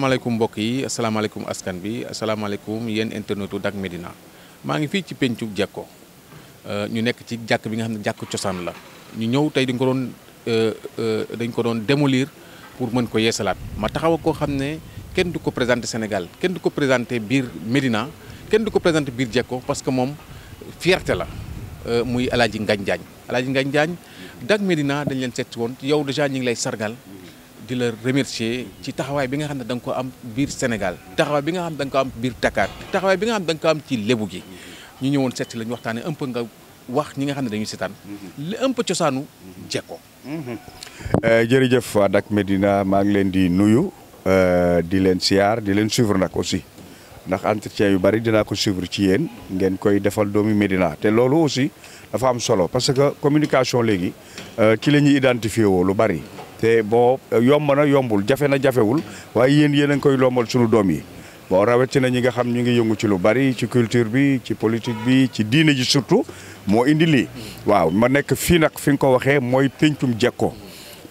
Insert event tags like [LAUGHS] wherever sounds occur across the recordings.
asalaamaaleykum mbokk yi asalaamaaleykum askan bi asalaamaaleykum yéen internetu dag Médina maa ngi fii ci pencu Jekko euh, ñu nekk ci jàkk bi nga xam ne jàkk cosaan la ñu ñëw tey dañ ko doon euh, euh, dañ ko doon démolir pour mën ko yeesalaat ma taxawa koo xam ne kenn du ko présenté Sénégal kenn du ko présenté biir Médina kenn du ko présenté biir Jekko parce que moom fierte la muy Alaaji Ngagne Diagne Alaaji Ngagne Diagne Dak Médina dañ leen seet woon yow déjà ñu ngi lay sargal di la remercier ci taxawaay bi nga xam ne da nga ko am biir Sénégal taxawaay bi nga xam ne da nga ko am biir Dakar taxawaay bi nga xam ne ko am ci lébu gi ñu ñëwoon seet si la ñu waxtaanee un peu nga wax ñi nga xam ne dañuy seetaan li un peu cosaanu Jekko. Euh, jërëjëf waa Dak Médina maa ngi leen di nuyu euh, di leen siyaar di leen suivre nag aussi ndax entretien yu bari dinaa ko suivre ci yéen ngeen koy defal doomi Médina te loolu aussi dafa am solo parce que communication léegi ci euh, la ñuy identifié woo lu bari. te bon yomb na yombul jafe na jafewul waaye yéen yéen a ngi koy lombal sunu doom yi bon rawatina ñi nga xam ñu ngi yëngu ci lu bari ci culture bi ci politique bi ci diine ji surtout moo indi lii. waaw ma nekk fii nag fi nga ko waxee mooy pencum jekko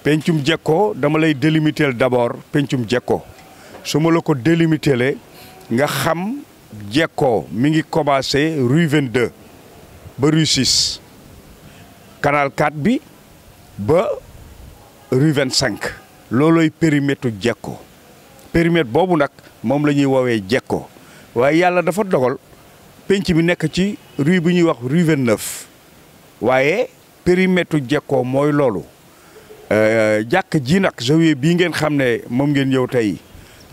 pencum jekko dama lay délimiter d'abord pencum jekko su ma la ko délimiter nga xam jekkoo mi ngi commencé rue 22 ba rue 6 canal bi ba. rue 25 loolooy périmètre Jekko périmètre boobu nag moom la ñuy woowee Jekko waaye yàlla dafa dogal penc mi nekk ci rue bi ñuy wax rue 29 waaye périmètre Jekko mooy loolu euh, jàkk jii nag jawier bii ngeen xam ne moom ngeen yow tey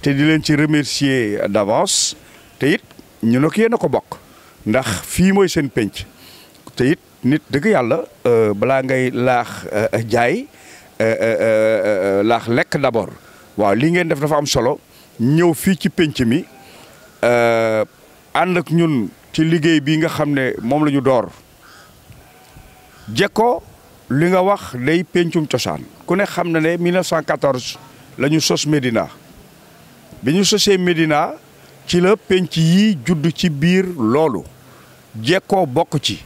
te di leen ci remercier d'avance te it ñu ne ko yéen a ko bokk ndax fii mooy seen penc te nit dëgg yàlla euh, balaa ngay laax euh, jaay Euh, euh, euh, laax lekk d'abord waaw li ngeen def dafa am solo ñëw fii ci pénc mi ànd ak ñun ci liggéey bi nga xam ne moom lañu ñu door Jekko li nga wax day péncum cosaan ku ne xam na ne 1914 la ñu sos Médina bi ñu sosee Médina ci la pénc yi judd ci biir loolu Jekko bokk ci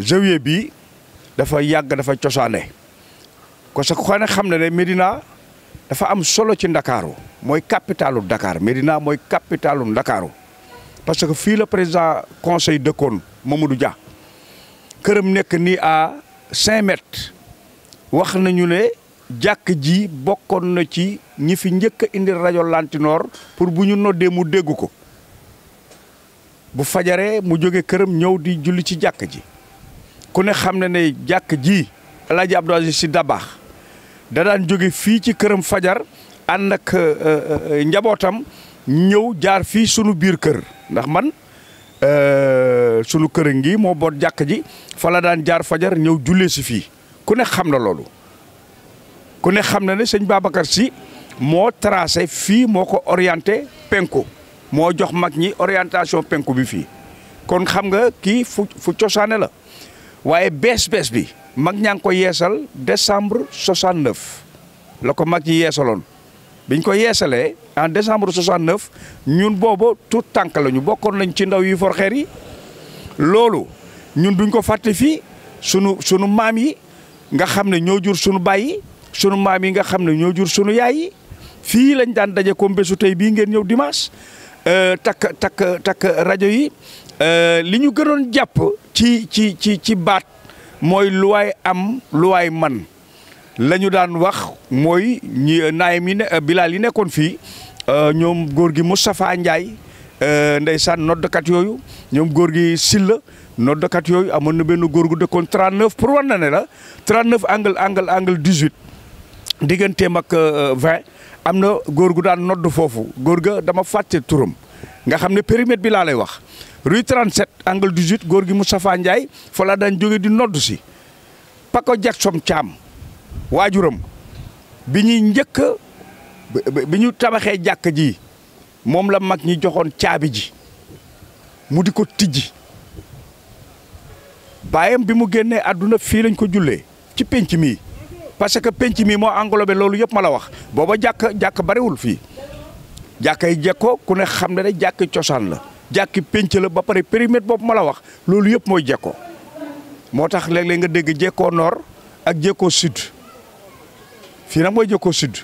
zawiya bi dafa yàgg dafa cosaane ko sa ko xam ne ne Médina dafa am solo ci ndakaaru mooy capitalu Dakar Médina mooy capitalu ndakaaru parce que fii la président conseil dëkkoon Mamadou Dia këram nekk nii à cinq mètres wax nañu ne jàkk ji bokkoon na ci ñi fi njëkk a indi rajo Lantinoor pour bu ñu noddee mu dégg ko bu fajaree mu jóge këram ñëw di julli ci jàkk ji ku ne xam na ne jàkk ji El Abdou Aziz Sy Dabakh da daan jóge fii ci këram fajar ànd ak euh, euh, euh, njabootam ñëw jaar fii sunu biir kër ndax man sunu kër ngi moo boot jàkk ji fa la daan jaar fajar ñëw jullee si fii ku ne xam na loolu ku ne xam na ne sëñ Babacar Sy moo tracé fii moo ko orienté penku moo jox mag ñi orientation penku bi fii kon xam nga kii fu fu cosaane la waaye bes-bes bi mag ñaa ngi ko yeesal décembre 69 la ko mag yi yeesaloon biñ ko yeesalee en décembre 69 ñun boobu tout tànk la lañ ci ndaw yi for xeer yi loolu ñun duñ ko sunu sunu mami, yi nga jur sunu bayi, sunu mami yi nga jur sunu yaay yi fii lañ daan daje comme bésu ngeen dimanche Euh, takk takk takk rajo yi euh, li ñu gënoon jàpp ci ci ci ci baat mooy luwaay am luwaay man la ñu daan wax mooy ñi naayam yi ne euh, bilaal yi nekkoon fii ñoom góor gi Moustapha Ndiaye ndeysaan noddkat yooyu ñoom góor gi Silla noddkat yooyu amoon na benn góor gu dëkkoon 39 pour wan na ne la 39 angle angle angle 18 digganteem ak 20. am na góor gu daan nodd foofu góor ga dama fàtte turam nga xam ne périmètre bi laa lay wax rue 37 angle 18 góor gi Moustapha Ndiaye fa laa daan jóge di nodd si Paco Jackson caam waajuram bi ñuy njëkk bi ñu tabaxee jàkk ji moom la mag ñi joxoon caabi ji mu di ko tijji baayam bi mu génnee àdduna fii lañ ko jullee ci pénc mi parce que penc mi moo englobé loolu yëpp ma la wax booba jàkk jàkk bariwul fii yi jekko ku ne xam ne ne jàkk cosaan la jàkki penc la ba pare périmètre boobu ma la wax loolu yëpp mooy jekko moo tax léeg-léeg nga dégg jekkoo noor ak jekkoo sud fii nag mooy jekkoo sud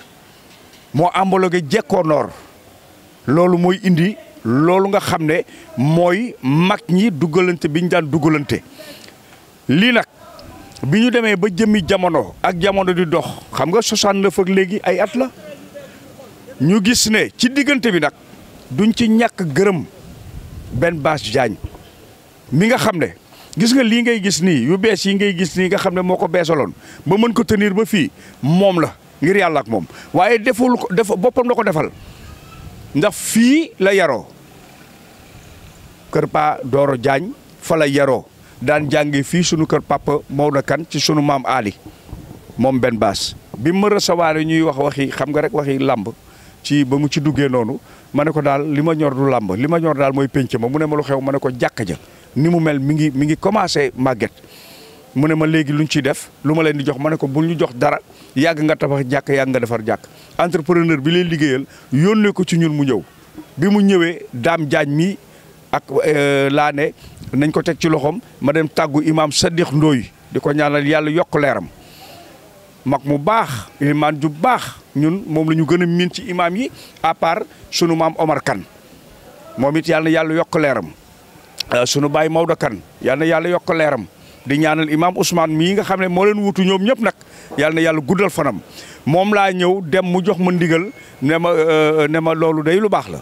moo ambaloge jekkoo noor loolu mooy indi loolu nga xam ne mooy mag ñi dugalante bi ñu daan dugalante lii nag bi ñu demee ba jëmmi jamono ak jamono di dox xam nga 69 ak léegi ay at la ñu gis ne ci diggante bi nag duñ ci ñàkk gërëm benn Bass Diagne mi nga xam ne gis nga lii ngay gis nii yu bees yi ngay gis nii nga xam ne moo ko beesaloon ba mën ko tenir ba fii moom la ngir yàlla ak moom waaye deful def boppam la ko defal ndax fii la yaroo Kër Pa Doro Diagne fa la yaroo daan jàngi fii sunu kër papa Maodo Kane ci Ali momben bas baas bi ma recevoir ñuy wax waxi xam nga rek waxi làmb ci ba mu ci duggee noonu ma ne ko daal li ma ñor du làmb li ñor daal mooy pénc ma mu ne ma lu xew ma ko jàkk ja ni mu mel mi ngi mi ngi commencé màgget mu ne ma léegi lu ñu def lu leen di jox ma ko bul jox dara yàgg nga tabax jàkk yàgg nga defar entrepreneur bi liggéeyal ko ci ñun mu bi mu mi ak euh, laa ne nañ ko teg ci loxoom ma dem tàggu imaam Sadikh Ndoye di ko ñaanal yàlla yokk leeram mag mu baax limaan ju baax ñun moom la ñu gën a miin ci imaam yi à part sunu maam Omar kan moom it yàlla yàlla yokk leeram euh, sunu baay Maodo Kane yàlla yokk leeram di ñaanal imaam Ousmane mii nga xam ne moo leen wutu ñoom ñëpp nag yàlla yàlla guddal fanam moom laa ñëw dem mu jox ma ndigal ne ma euh, ne ma loolu day lu baax la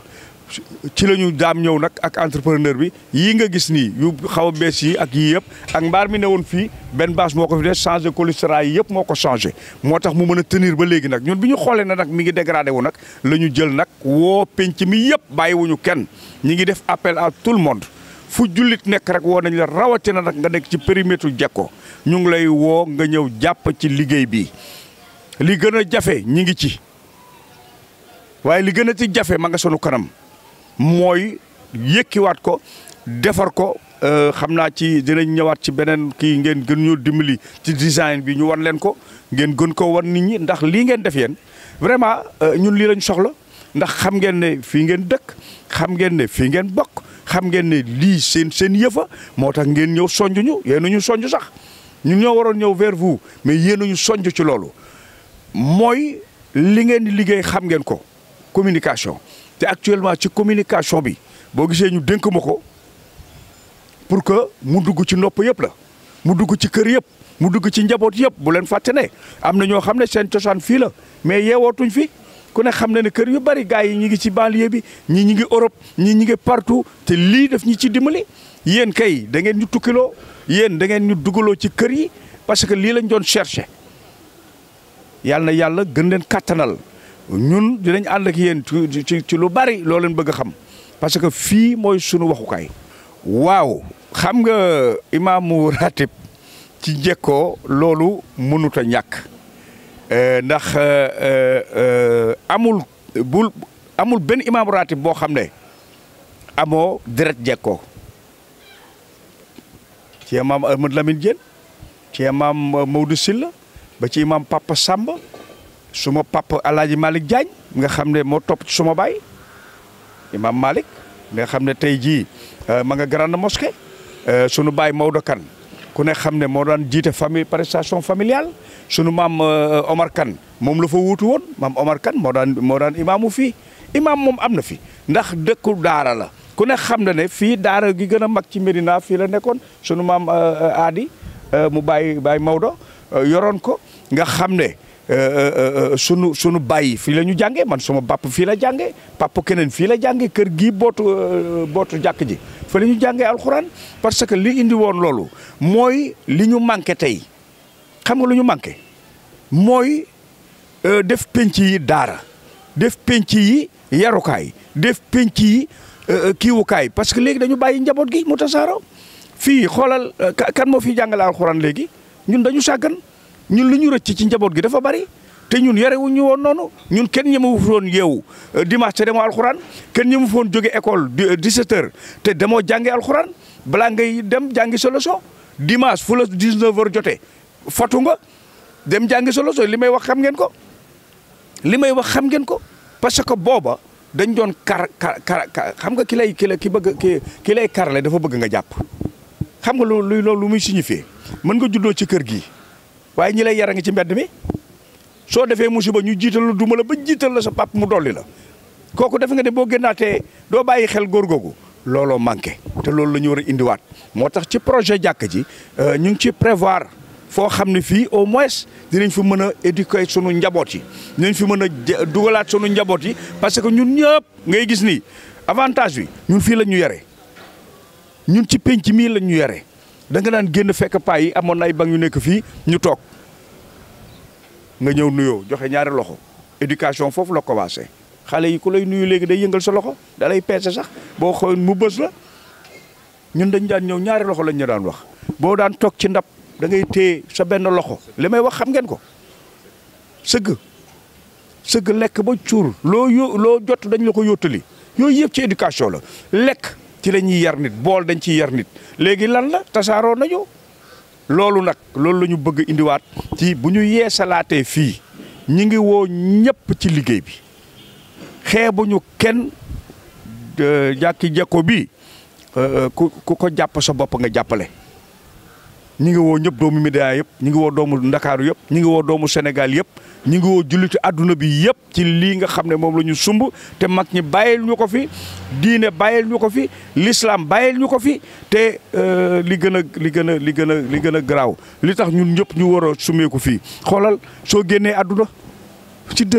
ci la ñu daam ñëw nag ak entrepreneur bi yii nga gis nii yu xaw a bees yi ak yii yëpp ak mbaar mi ne woon fii benn bâche moo ko fi def changé colistra yi yëpp moo ko changé moo tax mu mën a tenir ba léegi nag ñun bi ñu xoolee na nag mi ngi dégradé wu nag la ñu jël nag woo penc mi yëpp bàyyiwuñu kenn ñi ngi def appel à tout le monde fu jullit nekk rek woo nañ la rawatina nag nga nekk ci périmètre Jekko ñu ngi lay woo nga ñëw jàpp ci liggéey bi li gën a jafe ñi ngi ci waaye li gën a ci jafe ma nga sunu kanam mooy yëkkiwaat ko defar ko euh, xam naa ci dinañ ñëwaat ci beneen kii ngeen gën ñu dimbali ci design bi ñu wan leen ko ngeen gën ko wan nit ñi ndax lii ngeen def yéen vraiment euh, ñun lii lañ soxla ndax xam ngeen ne fii ngeen dëkk xam ngeen ne fii ngeen bokk xam ngeen ne lii seen seen yëfa moo tax ngeen ñëw sonjuñu ñu ñu sonj sax ñun ñoo waroon ñëw vers vous mais yéen ñu sonj ci loolu mooy li ngeen di liggéey xam ngeen ko communication te actuellement ci communication bi boo gisee ñu dénkuma ko pour que mu dugg ci nopp yëpp la mu dugg ci kër yëpp mu dugg ci njaboot yëpp bu leen fàtte am na ñoo xam ne seen cosaan fii la mais yeewootuñ fi ku ne xam na ne kër yu bari gars yi ñi ngi ci banlieue bi ñi ñi ngi Europe ñi ñi ngi partout te lii daf ñi ci dimbali yéen kay da ngeen ñu tukkiloo yéen da ngeen ñu dugaloo ci kër yi parce que lii lañ doon cherché yàlla na yàlla gën leen kàttanal ñun dinañ ànd ak yéen ci lu bari loo leen bëgg a xam parce que fii mooy sunu waxukaay. waaw xam nga imaamu ratib ci njëkkoo loolu mënut a ñàkk euh, ndax euh, euh, amul bul amul benn imaamu ratib boo xam ne amoo deret jekkoo ci imaam Ahmad Lamine Diène ci imaam Maodo Sylla ba ci imaam Papa Samba. suma papa alaaji Malick Diagne nga xam ne moo topp ci suma baay imam Malick nga xam ne tey jii euh, ma nga grande mosquée euh, sunu baay Maodo Kane ku ne xam ne moo daan jiite famille prestation familiale sunu maam euh, Omar Kane moom la fa wuutu woon maam Omar Kane moo daan moo daan imaamu fii imaam moom am na fi ndax dëkku daara la ku ne xam na ne fii daara gi gën a mag ci Médina fii la nekkoon sunu maam aadi mu bàyyi bàyyi Maodo yoroon ko nga xam ne Euh, euh, euh, sunu sunu bàyyi fii la ñu jàngee man suma bàpp fii la jàngee papa keneen fii la jàngee kër gi bootu bootu jàkk ji fa la ñu jàngee alxuraan parce que li indi woon loolu mooy li ñu manqué tey xam nga lu ñu manqué mooy def penc yi daara def penc yi yarukaay def penc yi kiiwukaay parce que léegi dañu bàyyi njaboot gi mu tasaaroo fii xoolal kan moo fi jàngale alxuraan léegi ñun dañu sàggan ñun lu ñu rëcc ci njaboot gi dafa bari te ñun ñu woon noonu ñun kenn ñemewu foon yeewu euh, dimanche te demoo alxuraan kenn ñemewu woon jóge école di h euh, te demoo jàngi alxuraan balaa ngay dem jàngi sa leçon dimanche fu la 19h jotee fatu nga dem jàngi sa leçon li may wax xam ngeen ko li may wax xam ngeen ko parce que booba dañ doon kar kar kar xam nga ki lay ki la bëgg ki ki lay dafa bëgg nga jàpp xam nga lu luy loolu lu muy signifier mën nga juddoo ci kër gi. waaye ñi lay yara ngi ci mbedd mi soo defee ba ñu jiital la duma la ba jiital la sa pap mu dolli la kooku def nga ne boo génnaatee doo bàyyi xel góor googu looloo manqué te loolu la ñu war a indiwaat moo tax ci projet jàkk ji euh, ñu ngi ci prévoir foo xam ne fii au moins dinañ fi mën a éduquer sunu njaboot yi dinañ fi mën a dugalaat sunu njaboot yi parce que ñun ñëpp ngay gis nii avantage bi ñun fii la ñu yore ñun ci penc mii la ñu yore da nga daan génn fekk paay yi amoon na ay banc yu nekk fii ñu toog nga ñëw nuyoo joxe ñaari loxo éducation foofu la commencé xale yi ku lay nuyu léegi day yëngal sa loxo dalay lay peese sax boo xoolee mu bës la ñun dañ daan ñëw ñaari loxo lañ ñu daan wax boo daan toog ci ndab dangay ngay sa benn loxo li may wax xam ngeen ko sëgg sëgg lekk ba cuur loo yo loo jot dañ la ko yóttali yooyu yëpp ci éducation la lekk. ci la ñuy yar nit bool dañ ciy yar nit léegi lan la tasaaroo nañu loolu nag loolu lañu bëgg indiwaat ci bu ñu yeesalaatee fii ñi ngi woo ñëpp ci liggéey bi xeebuñu kenn euh, jàkki jekko bi euh, ku ko jàpp sa bopp nga jàppale ñi ngi woo ñëpp doomu Médina yep ñi ngi woo doomu Ndakaaru yep ñi ngi woo doomu Sénégal yep ñi ngi woo jullitu àdduna bi yep ci lii nga xam ne moom la ñu sumb te mag ñi bàyyil ñu fi diine bàyyil ñu fi l'islam bàyyil ñu ko fi te euh, li gën a li gën li gën li gën a li tax ñun ñëpp ñu war a sumeeku fii xoolal ci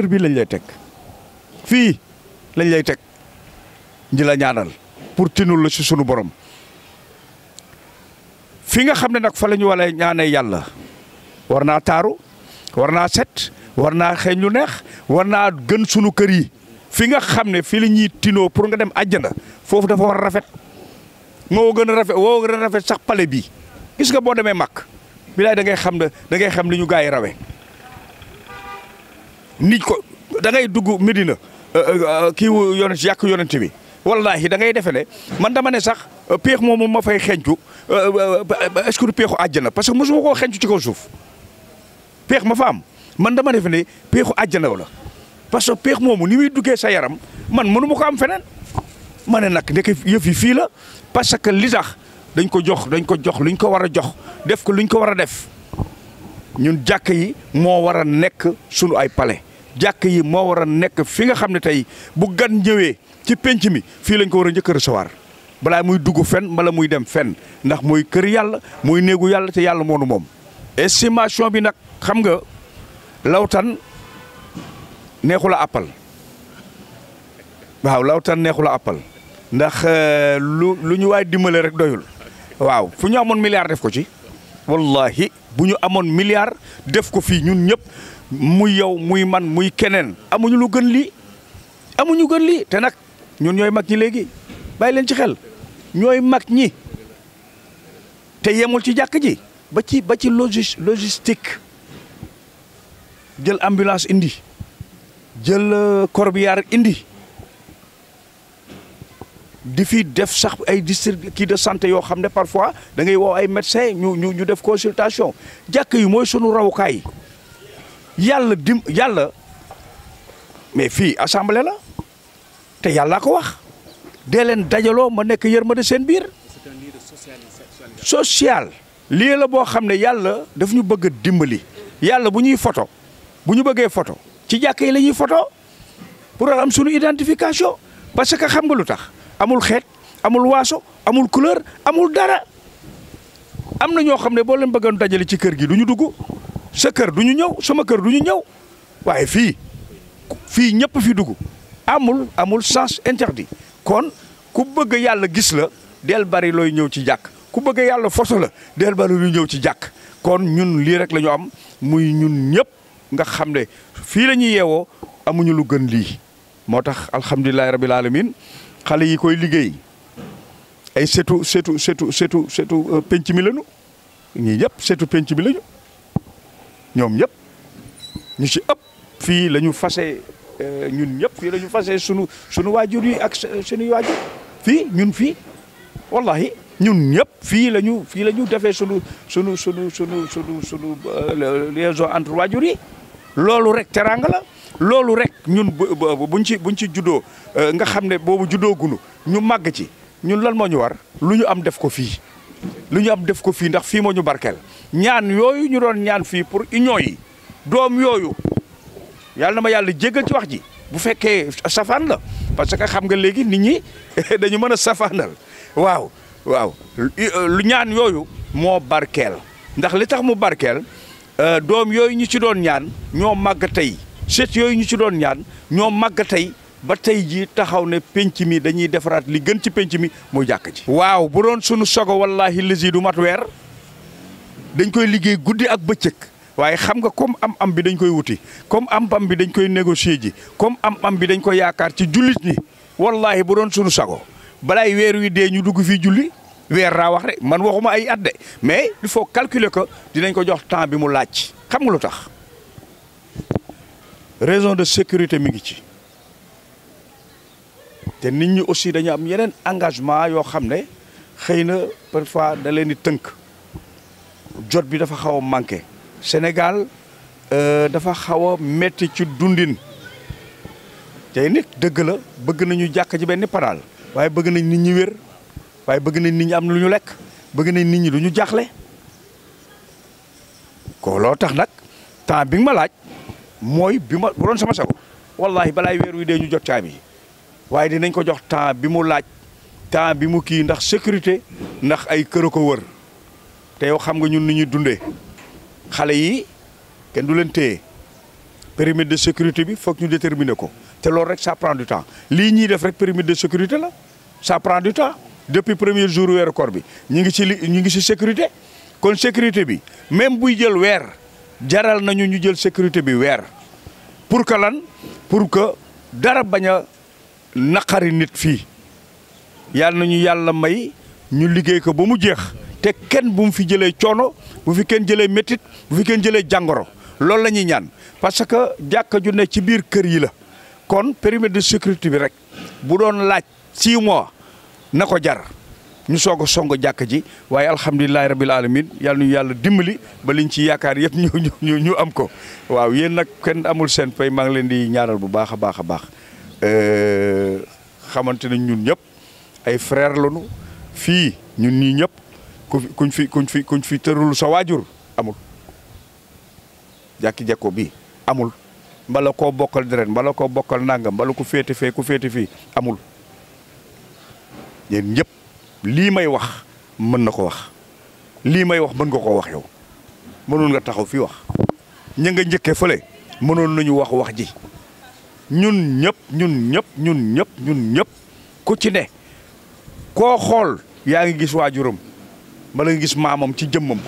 bi lañ lay lañ lay ñi la ñaanal pour tinul ci sunu borom fi nga xam ne nag fa la ñu wala ñaanee yàlla war naa taaru war naa set war naa xeeñ lu neex war naa gën sunu kër yi fi nga xam ne fi la ñuy tinoo pour nga dem àjjana foofu dafa war a rafet moo gën a rafet woo rafet sax pale bi gis nga boo demee màkk bilaay da ngay xam ne da ngay xam li ñu gaa yi rawee nit ko da ngay dugg Medina euh, euh, euh, kii yonent yàq yonent bi wallaahi da ngay defe ne man dama ne sax peex moom ma fay xeeñcu est-ce que du peexu àjjana parce que mosuma koo xencu ci kaw suuf peex ma fa am man dama defe ne peexu àjjana la parce que peex moomu ni muy duggee sa yaram man mënu ma ko am feneen ma ne nag ndeke yëf yi fii la parce que li dañ ko jox dañ ko jox luñ ko jox def ko luñ ko def ñun jàkk yi moo war a sunu ay palais jàkk yi moo war a fi nga xam ne bu gan ci penc mi lañ ko recevoir bala muy dugg fen, bala muy dem fen. ndax mooy kër yàlla mooy néegu yàlla te yàlla moonu moom estimation bi nag xam nga lawtan neexu la waaw lawtan neexu la ndax euh, lu lu ñu rek doyul waaw fu ñu milliard def ko ci wallahi bu amon miliar milliard def ko fii ñun ñëpp muy yow muy man muy kenen. amuñu lu gën lii amuñu gën lii te nag ñun ñooy mag ñi leen ci xel ñooy mag ñi te yemul ci jàkk ji ba ci ba ci logis logistique jël ambulance indi jël euh, corbillard indi di fi def sax ay district kii de santé yoo xam ne parfois da ngay ay médecin ñu ñu ñu def consultation jàkk yi mooy sunu rawukaay yàlla dim yàlla mais fii assemblée la te yàllaa ko wax dee leen dajaloo ma nekk yërmande seen biir social lii la boo xam ne bunyi daf ñu bëgg dimbali yàlla bu ñuy photo bu ñu bëggee photo ci jàkk yi photo pour am suñu identification parce que xam nga amul xeet amul waso, amul couleur amul dara am na ñoo xam leen bëggoon dajale ci kër gi du ñu dugg sa kër ñëw sama kër du ñëw waaye fii ñëpp fi dugu, amul amul sens interdit kon ku bëgg yàlla gis la del bari looy ñëw ci jàkk ku bëgg yàlla foto la del bari luy ñëw ci jàkk kon ñun lii rek la am muy ñun ñëpp nga xam ne fii la ñuy yeewoo amuñu lu gën lii moo tax alhamdulilahi rabil alamin xale yi koy liggéey ay setu setu setu setu setu euh, penc mi lañu ñii ñëpp setu penc mi lañu ñoom ñëpp ñu ci ëpp fii la fase Euh, ñun ñëpp fii la ñu fasee sunu sunu waajur yi ak sunu waajur fii ñun fii wallahi ñun ñëpp fii la ñu fii la ñu defee sunu sunu sunu sunu sunu sunu euh, liaison entre waajur yi loolu rek teraanga la loolu rek ñun buñ ci buñ ci juddoo euh, nga xam ne boobu juddoo gunu ñu màgg ci ñun lan moo ñu war lu ñu am def ko fii lu ñu am def ko fii ndax fii moo ñu barkeel ñaan yooyu ñu doon ñaan fii pour union yi doom yooyu yàlla na ma yàlla jéggal ci wax ji bu fekkee safaan la parce que xam nga léegi nit ñi [LAUGHS] dañu mën a safaanal waaw waaw lu ñaan yooyu moo barkeel ndax li tax mu barkeel euh, doom yooyu ñu ci doon ñaan ñoo màgg tey set yooyu ñu ci doon ñaan ñoo màgg tey ba tey jii taxaw ne penc mi dañuy defaraat li gën ci penc mi muy jàkk ci waaw bu doon sunu sogo wallaahi lisi du mat weer dañ koy liggéey guddi ak bëccëg waye xam nga comme am-am bi dañ koy wuti comme am pam bi dañ koy négocier ji comme am-am bi dañ koy yaakaar ci jullit ni wallahi bu doon sunu sago balaay weer wi dee ñu dugg fi julli wér ra wax ré man waxuma ay at mais il faut calculer que dinañ ko jox temps bi mu lacc xam nga lutax raison de sécurité mi ngi ci té nit ñi aussi dañu am yenen engagement yo xam ne parfois da leen di teunk jot bi dafa xaw a senegal Sénégal euh, dafa xaw a ci dundin tey nit dëgg la bëgg nañu jàkk ci benn paraal waaye bëgg nañ nit ñi wér waaye bëgg nañ nit ñi am lu ñu lekk bëgg nañ nit ñi du ñu jaaxle ko loo tax nag temps bi nga ma laaj mooy bi bu doon sama sago wallahi balaay weer wi dee ñu jot caabi yi dinañ ko jox temps bi mu laaj temps bi mu kii ndax sécurité ndax ay kër a ko wër te xam nga ñun ni ñuy dundee xale yi kenn du leen téye périmètre de sécurité bi foog ñu déterminer ko te loolu rek ça prend du temps lii ñuy def rek périmètre de sécurité la ça prend du temps depuis premier jour weeru koor bi ñu ngi ci li ñu ngi ci sécurité kon sécurité bi même buy jël weer jaral nañu ñu jël sécurité bi weer pour que lan pour que dara bañ a naqari nit fii yàlla nañu yàlla may ñu liggéey ko ba mu jeex te kenn bu mu fi jëlee coono bu fi kenn jëlee métit bu fi kenn jëlee jàngoro loolu la ñuy ñaan parce que jàkka ju ne ci biir kër yi la kon périmètre de sécurité bi rek bu doon laaj six mois na ko jar ñu soog a song jàkk ji waaye alhamdulilahi rabil alamin yàlla ñu yàlla dimbali ba liñ ci yaakaar yëpp ñu ñu ñu am ko waaw yéen nag kenn amul seen pay maa ngi leen di ñaanal bu baax a baax a baax euh, xamante ne ñun ñëpp ay frère lañu fii ñun ñii ñëpp ku kuñ fi kuñ fi kuñ fi sa wajur amul jàkki jàkko bi amul mbala koo bokkal deret mbala koo bokkal nangam mbala ku féete ku amul yéen ñëpp lii may wax mën na ko wax lii may wax mën nga koo wax yow mënoon nga taxaw fii wax ña nga njëkkee fële mënoon nañu wax wax ji ñun ñun ñun ñun ku ci ne gis bala nga gis maamam ci jëmmam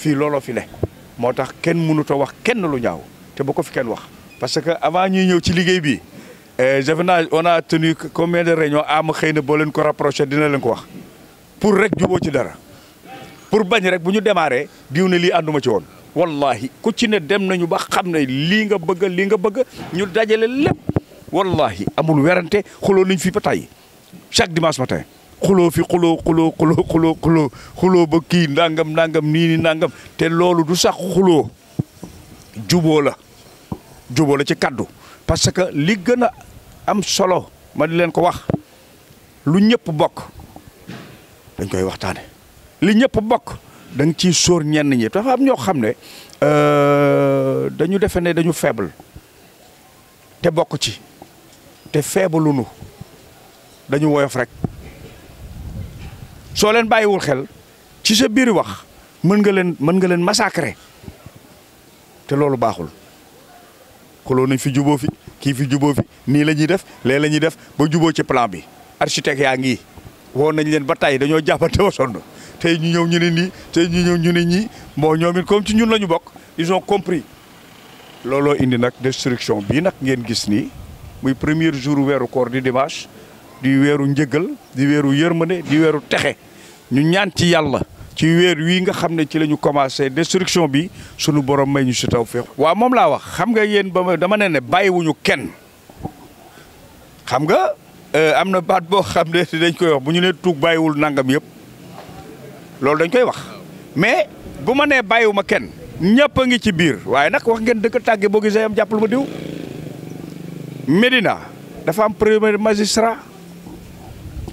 fii looloo fi ne moo tax kenn mënut wax kenn lu ñaaw te bu ko fi kenn wax. parce que avant ñuy ñëw ci liggéey bi defe eh, naa on a tenu combien de réunions am ah, xëy na boo leen ko rapproché dina leen ko wax pour rek juboo ci dara pour bañ rek bu ñu démarré diw na lii ànduma ci woon. wallahi ku ci ne dem nañu ba xam ne lii nga bëgg lii nga bëgg ñu dajale lépp wallahi amul werante xuloo nañ fi ba tey chaque dimanche matin. xuloo fi xuloo xuloo xuloo xuloo xuloo ba kii ndàngam ndàngam nii ni ndàngam te loolu du sax xuloo juboo la juboo la ci kaddu parce que li gën a am solo ma di leen ko wax lu ñëpp bokk dañ koy waxtaane li ñëpp bokk da nga ciy sóor ñenn ñi dafa am ñoo xam ne euh, dañu defe ne dañu faible te bokk ci te faible nu dañu woyof rek soo leen bàyyiwul xel ci sa biir wax mën nga leen mën nga leen massacrer te loolu baaxul xuloo nañ fi juboo fi kii fi juboo fi nii la ñuy def lee la ñuy def ba juboo ci plan bi architecte yaa ngi woo nañ leen ba tey dañoo jàppante ba sonn te ñu ñëw ñu ne nii tey ñu ñëw ñu ne ñii moo ñoom it comme ci ñun la ñu bokk ils ont compris looloo indi nag destruction bii nag ngeen gis nii muy premier jour weeru koor di dimanche di weeru njëgal di weeru yërmande di weeru texe ñu ñaan ci yàlla ci weer wii nga xam ne ci la ñu commencé destruction bi sunu borom may ñu si taw féex waa moom laa wax xam nga yéen ba ma dama ne ne bàyyiwuñu kenn xam nga euh, am na baat boo xam ne [LAUGHS] dañ koy wax bu ñu nee tuug bàyyiwul nangam yëpp loolu dañ koy wax mais bu ma nee bàyyiwuma kenn ñëpp a ngi ci biir waaye nag wax ngeen dëkk tàgge boo gisee am jàppal ma diw Médina dafa am premier magistrat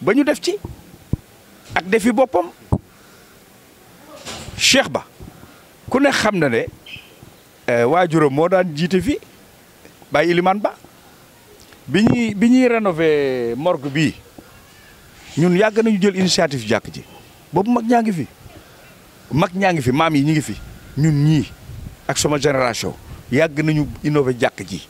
ba ñu def ci ak defi boppam Cheikh Ba ku ne xam na ne euh, waajuram moo daan jiite fi Baye Ilimane Ba bi ñuy bi ñuy rénover morgue bii ñun yàgg nañu jël initiative jàkk ji boobu mag ñaa ngi fi mag ñaa ngi fi maam yi ñu ngi fi ñun ñii ak sama génération yàgg nañu innover jàkk ji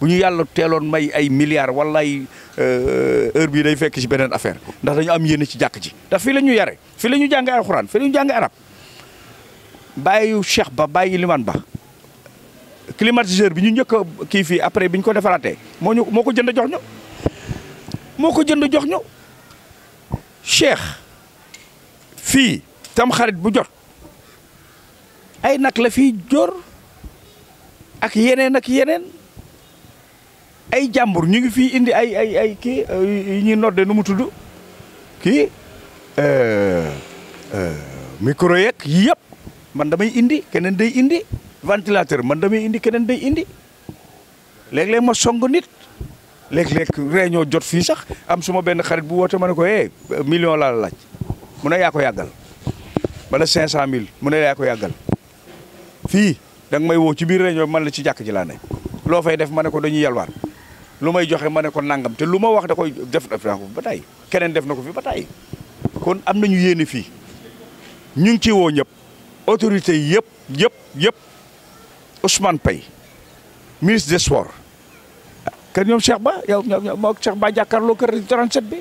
bu ñu yàlla teeloon may ay milliards wallaay euh, euh, heure bii day fekk ci beneen affaire ndax dañu am yéene ci jàkk ci ndax fii la ñu yare fii la ñu jàngee alxuraan fii la arab bàyyi cheikh ba bàyyi limaan ba climatiseur bi ñu njëkk a kii fii après bi ñu ko defaraatee moo ñu moo ko jënd jox ñu moo ko jënd jox ñu cheikh fii tam xarit bu jot ay nag la fii jor ak yeneen ak yeneen ay jàmbur ñu ngi fii indi ay ay ay kii yi ñuy nodde nu mu tudd kii euh, euh, micro yeeg yëpp man damay indi keneen day indi ventilateur man damay indi keneen day indi léeg-léeg ma song nit léeg-léeg réunion jot fii sax am suma benn xarit bu woote ma ne ko eh million laal la laaj mu ne yaa ko yàggal bala cinq cent mille mun ne yaa ko yàggal fii da nga may woo ci biir réunion bi man la ci jàkk ji laa ne loo fay def ma ne ko dañuy yalwaar lu may joxe ma ne ko nangam te lu ma wax da koy def def naa ko fi ba keneen def na fi ba tey kon am nañu yéene fii ñu ngi ci woo ñëpp autorité yëpp yëpp yëpp Ousmane Paye ministre des sports kër ñoom Cheikh Ba yow moo Cheikh Ba jàkkaarloo kër 37 bi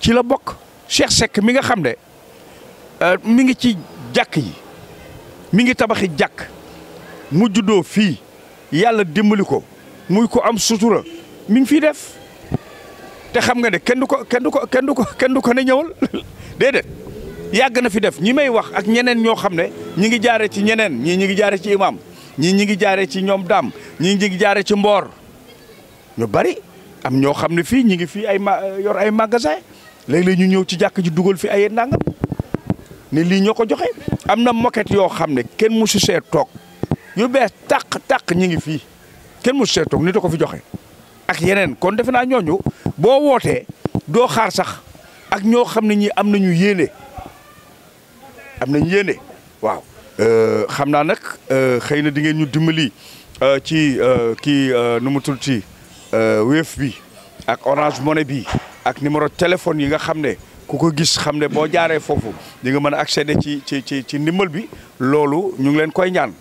ci la bokk Cheikh Seck mi nga xam ne euh, mi ngi ci jàkk yi mi ngi tabaxi jàkk mu juddoo fii yàlla dimbali muy ko am sutura mi ngi fiy def te xam nga ne kenn du ko kenn du ko kenn du ko kenn du ko ne ñëwal [LAUGHS] déedéet yàgg na fi def ñi may wax ak ñeneen ñoo xam ne ñi ngi jaare ci ñeneen ñii ñi ngi jaare ci imam ñii ñi ngi jaare ci ñoom daam ñii ñi ngi jaare ci mboor ñu bari am ñoo xam ne fii ñi ngi fii ay ma yor ay magasin léeg ñu ñëw ci jàkk ji dugal fi ay nangam ne lii ñoo ko joxe am na moket yoo xam ne kenn mësu see toog yu bees tàq tàq ñi ngi fii kenn mu see toog nit a ko fi joxe ak yeneen kon defe naa ñooñu boo wootee doo xaar sax ak ñoo xam ne ñi am nañu yéene am nañu yéene waaw euh, xam naa nag euh, xëy na di ñu dimbali euh, ci kii nu mu tudd ci Wave bi ak Orange ne bi ak numéro téléphone yi nga xam ne ku ko gis xam ne boo jaaree foofu di nga mën a accéder ci ci ci ci ndimbal bi loolu ñu ngi leen koy ñaan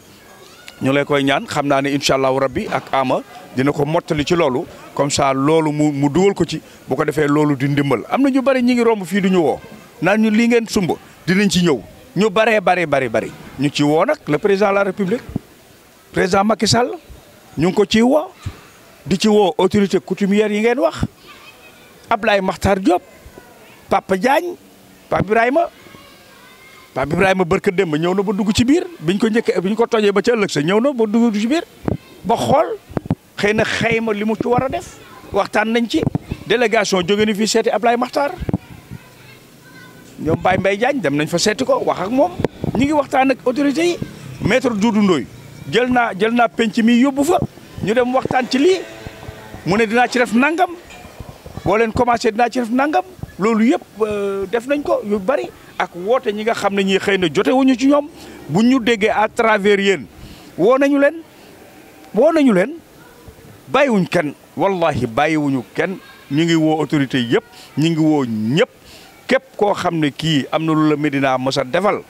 ñu lay koy ñaan xam naane ne incha allahu rabbi ak ama dina ko mottali ci loolu comme ça loolu mu mu dugal ko ci bu ko defee loolu di ndimbal am na ñu bëri ñi ngi romb fii du ñu woo naan ñu lii ngeen sumb dinañ ci ñëw ñu bëree bëri bëri bëri ñu ci woo nag le président la république président Macky Sall ñu ngi ko ci woo di ci woo autorité coutumière yi ngeen wax Ablaye Makhtar maxtaar Papa Diagne Papa Ibrahima Pape Ibrahima barka démb ñëw na ba dugg ci biir biñ ko njëkkee biñ ko tojee ba ca ëllëg sa ñëw na ba dugg ci biir ba xool xëy na xayma li mu ci war a def waxtaan nañ ci délégation jóge ni fii seeti Ablaye Makhtar ñoom Baye Mbaye Diagne dem nañ fa seeti ko wax ak moom ñu ngi waxtaan ak autorité yi maître Doudou Ndoye jël naa penc mi yóbbu fa ñu dem waxtaan ci lii mu ne dinaa ci def nangam boo leen commencé dinaa ci def nangam loolu yëpp euh, def nañ ko yu bari ak woote ñi nga xam ne ñii xëy na jote wuñu ci ñoom bu ñu déggee à travers yéen woo nañu leen woo nañu leen bàyyiwuñ kenn wallahi bàyyiwuñu kenn ñu ngi woo autorité yëpp ñu ngi woo ñëpp képp koo xam ne kii am na lu la Médina mos defal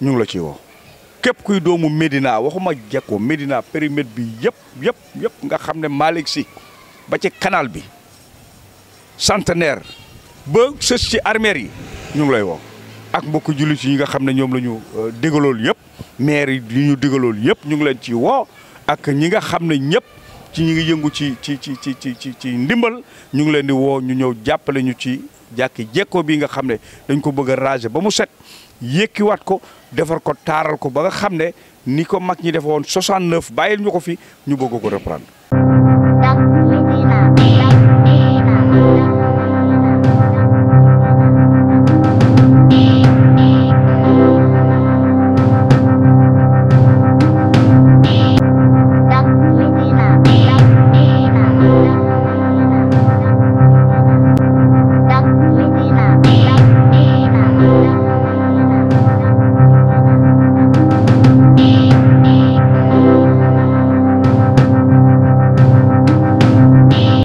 ñu ngi la ci woo képp kuy doomu Médina waxuma jekko Médina périmètre bi yëpp yëpp yëpp nga xam ne Malick si ba ci kanaal bi centenaire ba sës ci armère yi ñu ngi lay woo ak mbokku jullit yi nga xam ne ñoom lañu ñu euh, digalool yëpp maire yi ñu digalool yëpp ñu ngi leen ci woo ak ñi nga xam ne ñëpp ci ñu ngi yëngu ci ci ci ci ci ci ndimbal ñu ngi leen di woo ñu ñëw jàppale ñu ci jàkki jekkoo bi nga xam ne dañ ko bëgg a raser ba mu set yékkiwaat ko defar ko taaral ko ba nga xam ne ni ko mag ñi defoon 69 bàyyil ñu ko fi ñu bëgg ko reprendre.